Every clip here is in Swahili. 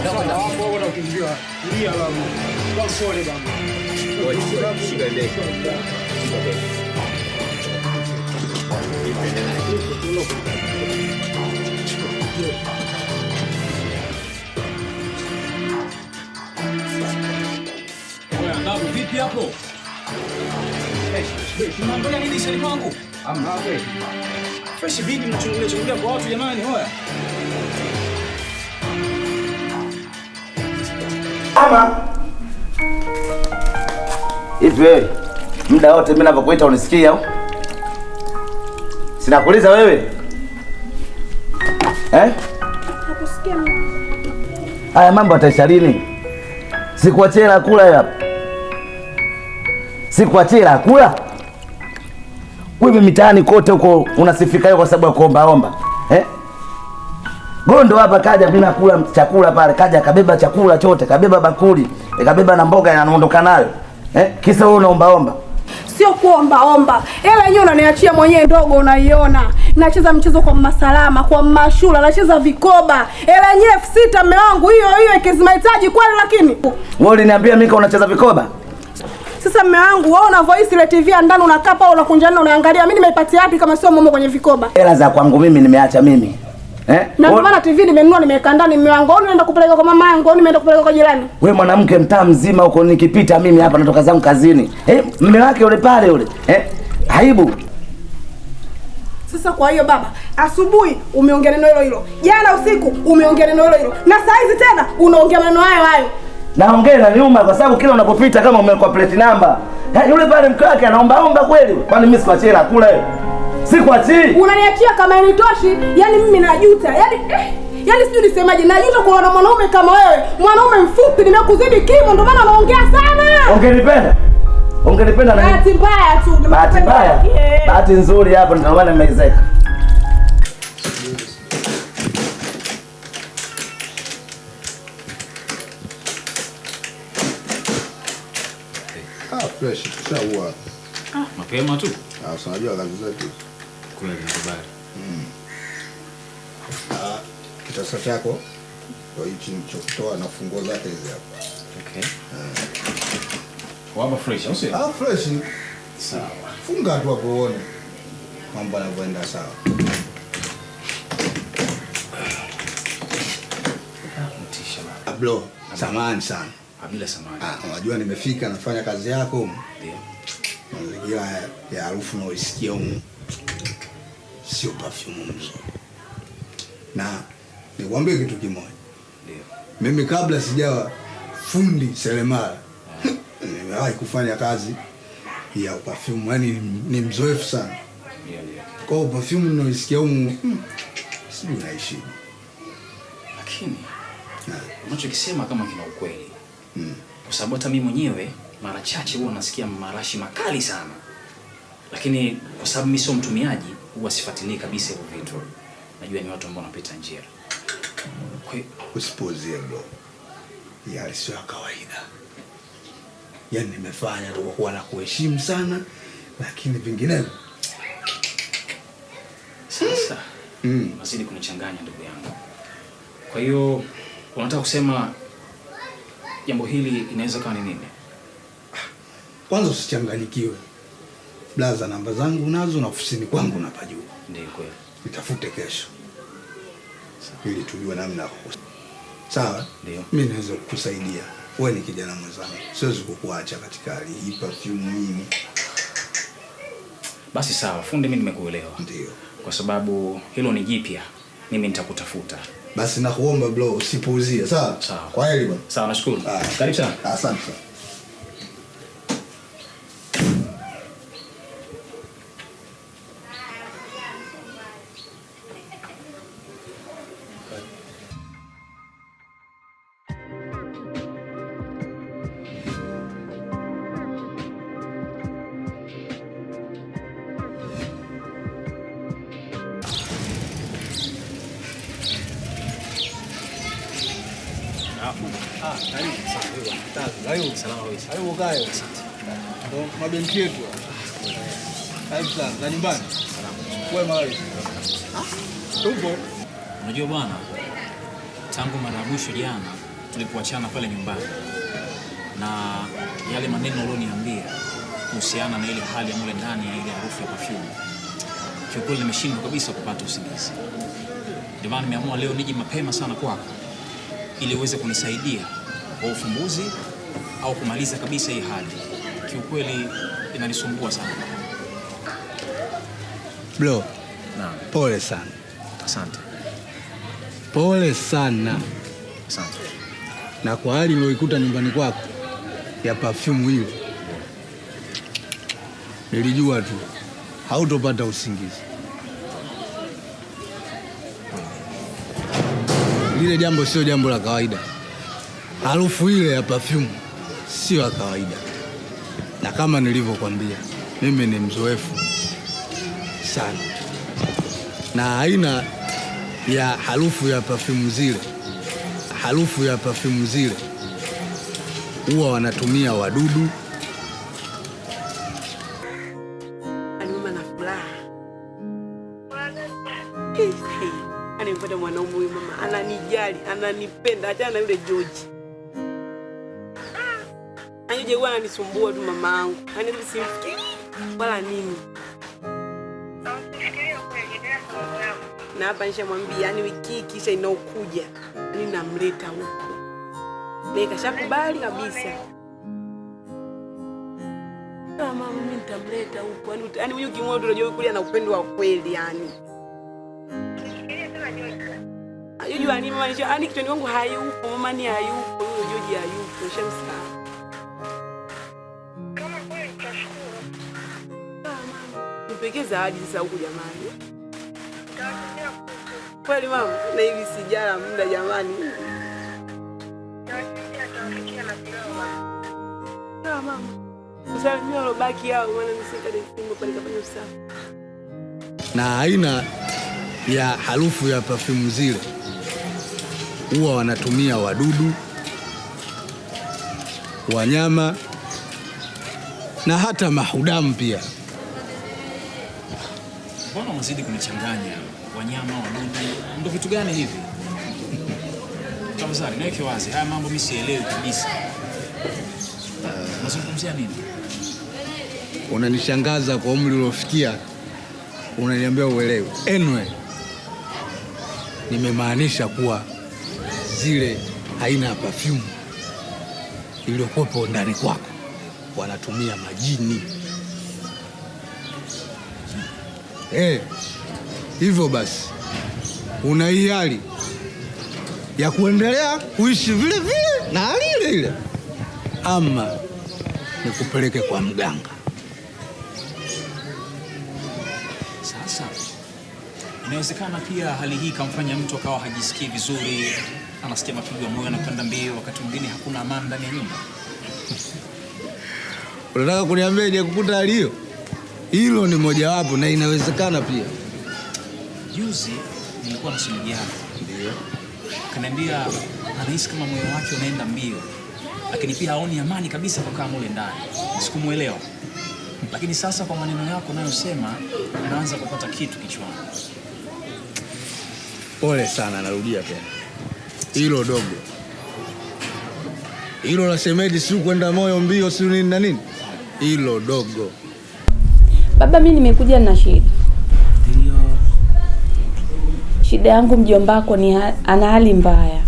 hapo unakimbia lia la wasore bana. Shika ndege. Vipi hapo? Mnaangalia nini shari kwangu? Amna kweli. Fresh vipi mnachungulia chungulia kwa watu jamani, hoya. Ama hivi wewe, muda wote mimi ninapokuita unisikia au? Sinakuuliza wewe eh? Nakusikia. Haya mambo yataisha lini? Sikuachia la kula hapa, sikuachie la kula. Wewe mitaani kote huko unasifika kwa sababu ya kuombaomba eh? Gondo hapa kaja, mimi nakula chakula pale, kaja kabeba chakula chote, kabeba bakuli, eh, kabeba na mboga, anaondoka nayo eh. Kisa wewe unaombaomba? Sio kuombaomba, hela yenyewe unaniachia mwenyewe ndogo, unaiona nacheza mchezo kwa masalama, kwa mashula, nacheza vikoba. Hela yenyewe elfu sita mume wangu, hiyo hiyo ikizima hitaji kwani. Lakini wewe uliniambia mimi unacheza vikoba. Sasa mume wangu, wewe una voice ile TV ndani unakaa pale unakunja nini, unaangalia. Mimi nimeipatia wapi kama sio mume kwenye vikoba? Hela za kwangu mimi nimeacha mimi Eh? Na ndio maana TV nimenunua nimeweka ndani mume nenda kupeleka kwa mama yangu, nenda kupeleka kwa jirani. Wewe mwanamke mtaa mzima huko nikipita mimi hapa natoka zangu kazini. Eh, mume wake yule pale yule. Eh? Aibu. Sasa kwa hiyo baba, asubuhi umeongea neno hilo hilo. Jana usiku umeongea neno hilo hilo. Na saa hizi tena unaongea maneno hayo hayo. Naongea na nyuma kwa sababu kila unapopita kama umekuwa plate number. Eh, yule pale mke wake anaomba omba kweli. Kwani mimi sikuachia kula yeye. Sikuachi. Unaniachia kama initoshi, yani mimi najuta. yani eh, yani sijui nisemaje. Najuta kuona mwanaume kama wewe, mwanaume mfupi nimekuzidi kimo ndio maana naongea sana. Ungenipenda? Ungenipenda na bahati mbaya tu. Bahati mbaya. Bahati nzuri hapo ndio maana nimezeka. Ah, fresh. Sawa. Ah, mapema tu. Ah, unajua kazi zetu chakula linakubali mm. Ah, kitasa chako kwa hichi kutoa na funguo zake hizi hapo. Okay. Ah. Hmm. Waba fresh au sio? Ah, fresh. Sawa. Funga tu hapo uone mambo yanavyoenda sawa. Ablo, samahani sana. Bila samahani. Ah, unajua nimefika nafanya kazi yako. Ndio. Mazingira ya harufu unaoisikia huko sio perfume mzuri. Na nikwambie kitu kimoja, mimi kabla sijawa fundi seremala nimewahi kufanya kazi ya perfume, yani ni mzoefu sana kwa hiyo perfume ninaisikia humu hmm, sijui naishi, lakini unachokisema kama kina ukweli mm. Kwa sababu hata mimi mwenyewe mara chache huwa nasikia marashi makali sana, lakini kwa sababu mimi sio mtumiaji huwa sifuatilii kabisa hivyo vitu, najua ni watu ambao wanapita njia. Usipuuzie bro, yale yaani sio ya kawaida. Yani nimefanya kwa kuwa na kuheshimu sana, lakini vinginevyo sasa mm. kunichanganya ndugu yangu. Kwa hiyo unataka kusema jambo hili inaweza kawa ni nini? Kwanza usichanganyikiwe blaza, namba zangu nazo na ofisini kwangu napajua, ndio kweli, nitafute kesho ili tujue namna ya sawa. Ndio mimi naweza kukusaidia wewe, ni kijana mwenzangu, siwezi kukuacha katika hali hii perfume hii. Basi sawa fundi, mimi nimekuelewa. Ndio, kwa sababu hilo ni jipya, mimi nitakutafuta. Basi nakuomba bro, usipuuzie. Sawa sawa, kwa heri bwana. Sawa, nashukuru. Karibu sana, asante sana. mabenki yetu. nyumbani. Unajua bwana, tangu mara ya mwisho jana tulipoachana pale nyumbani na yale maneno ulioniambia kuhusiana na ile hali ya mule ndani ya ile harufu ya perfume, kiukweli nimeshindwa kabisa kupata usingizi. Ndio maana nimeamua leo niji mapema sana kwako ili uweze kunisaidia kwa ufumbuzi au kumaliza kabisa hii hali. Kiukweli inanisumbua sana bro. Naam. Pole sana. Asante. Pole sana. Asante. Na kwa hali niliyoikuta nyumbani kwako ya perfume hiyo, nilijua tu hautopata usingizi. Ile jambo sio jambo la kawaida. Harufu ile ya perfume sio ya kawaida, na kama nilivyokwambia, mimi ni mzoefu sana, na aina ya harufu ya perfume zile, harufu ya perfume zile huwa wanatumia wadudu ananipenda, achana na yule George. Anjoje ah! huwa ananisumbua tu mamaangu, yaani simfikiri wala nini, na hapa nishamwambia, yaani wiki kisha inaokuja ninamleta yaani huko. mimi, kashakubali kabisa. Ah, mama mimi nitamleta huko. yaani, yaani huyu kimwao tunajua kulia na upendo wa kweli yani sijajua nini yaani mama, kichwani hayupo mama, ni hayupo huyo hayupo zawadi sasa huku jamani. Kweli mama, na hivi sijala muda jamani. Sawa mama. maana usafi. Na aina ya harufu ya parfumu zile huwa wanatumia wadudu, wanyama na hata mahudamu pia. Mbona unazidi kunichanganya? Wanyama, wadudu, ndio vitu gani hivi? Tafadhali niweke wazi haya mambo, mimi sielewi kabisa. Unazungumzia nini? Unanishangaza kwa umri uliofikia, unaniambia uelewi. Anyway, nimemaanisha kuwa zile aina ya perfume iliyokuwepo ndani kwako, wanatumia majini eh, hivyo. Hey, basi una hiari ya kuendelea kuishi vile vile na hali ile ile, ama nikupeleke kwa mganga. Sasa inawezekana pia hali hii ikamfanya mtu akawa hajisikii vizuri anasikia mapigo ya moyo anapanda mbio, wakati mwingine hakuna amani ndani ya nyumba. Unataka kuniambia je kukuta alio? Hilo ni mojawapo na inawezekana pia. Juzi nilikuwa na simu yake, Ndio. Kaniambia anahisi kama moyo wake unaenda mbio, lakini pia haoni amani kabisa kukaa mule ndani. Sikumuelewa, lakini sasa kwa maneno yako unayosema unaanza kupata kitu kichwani. Pole sana, narudia tena hilo dogo hilo la shemeji, si kwenda moyo mbio, si nini na nini, hilo dogo. Baba, mimi nimekuja na shida. Ndio shida yangu, mjombako ni ana hali mbaya.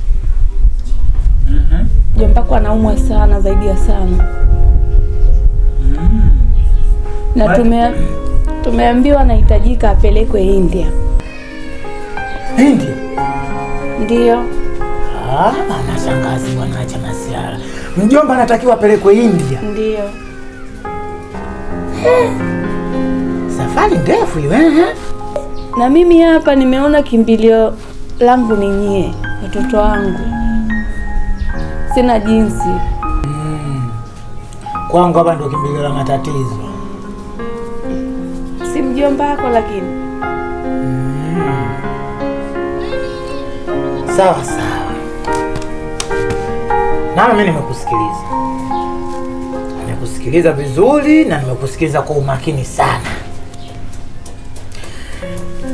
Mhm. Mjombako anaumwa sana zaidi ya sana, mm. na tume tumeambiwa anahitajika apelekwe India. India ndio Bana shangazi, bwana acha siara. Mjomba anatakiwa apelekwe India. Ndio. Eh. Safari ndefu hiyo eh, eh. Na mimi hapa nimeona kimbilio langu ni nyie, watoto wangu. Sina jinsi. Mm. Kwangu hapa ndio kimbilio la matatizo. Si mjomba wako lakini. Mm. Sawa sawa. Nalo mimi nimekusikiliza, nimekusikiliza vizuri na nimekusikiliza kwa umakini sana.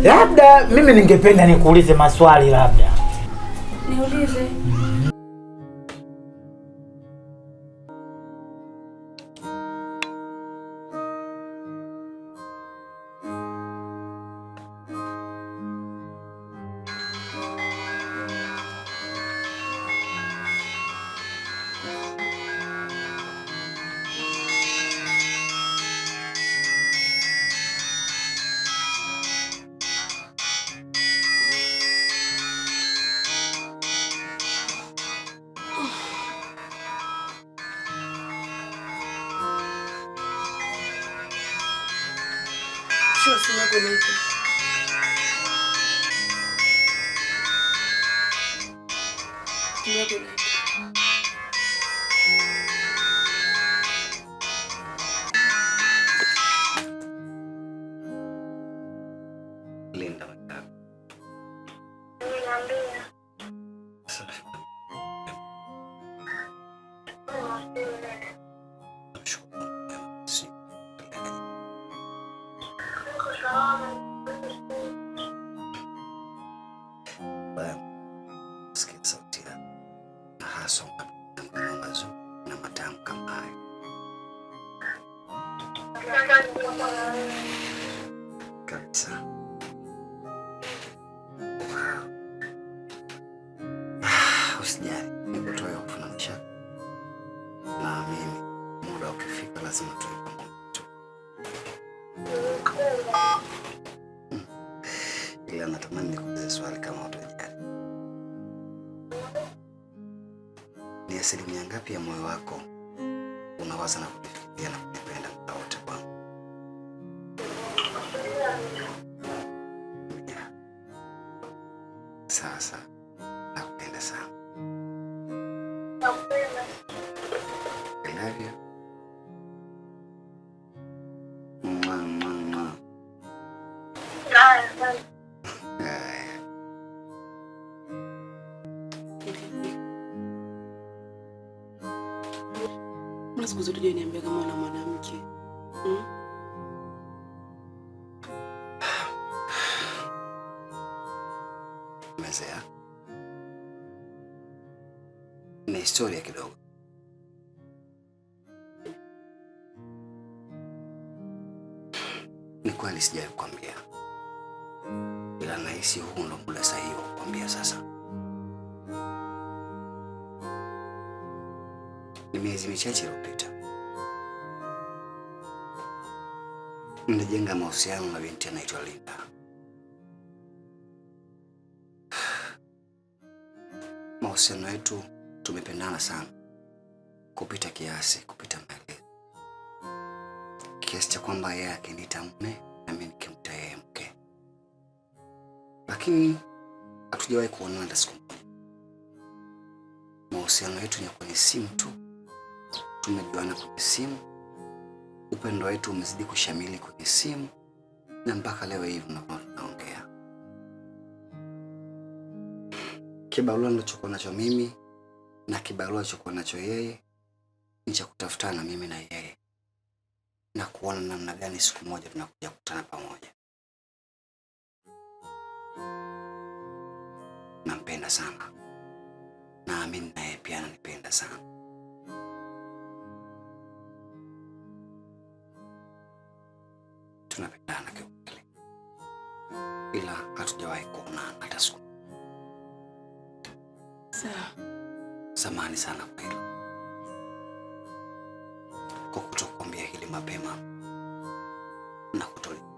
Labda mimi ningependa nikuulize maswali, labda niulize. Mm. açısına koyayım. Buna koyayım. Kabisa. Ah, usijali, muda ukifika hmm. ni asilimia ngapi ya moyo wako unawaza na kufikiria na historia kidogo. Ni kweli sijai kukwambia, ila nahisi huu ndo muda sahihi wa kukwambia sasa. Ni miezi michache iliyopita nilijenga mahusiano na binti anaitwa Linda. Mahusiano yetu tumependana sana kupita kiasi, kupita maelezo, kiasi cha kwamba yeye akiniita mme na mimi nikimta yeye mke, lakini hatujawahi kuonana hata siku moja. Mahusiano yetu ni kwenye simu tu, tumejuana kwenye simu, upendo wetu umezidi kushamili kwenye simu, na mpaka leo hivi unakuwa tunaongea. Kibarua nilichokuwa nacho mimi na kibarua chokuwa nacho yeye ni cha kutafutana mimi na yeye na kuona namna gani siku moja tunakuja kukutana pamoja. Nampenda sana, naamini naye pia ananipenda sana. Tunapendana kiukweli, ila hatujawahi kuonana hata siku sawa samani sana kwa hilo, kwa kutokuambia hili mapema na kutoli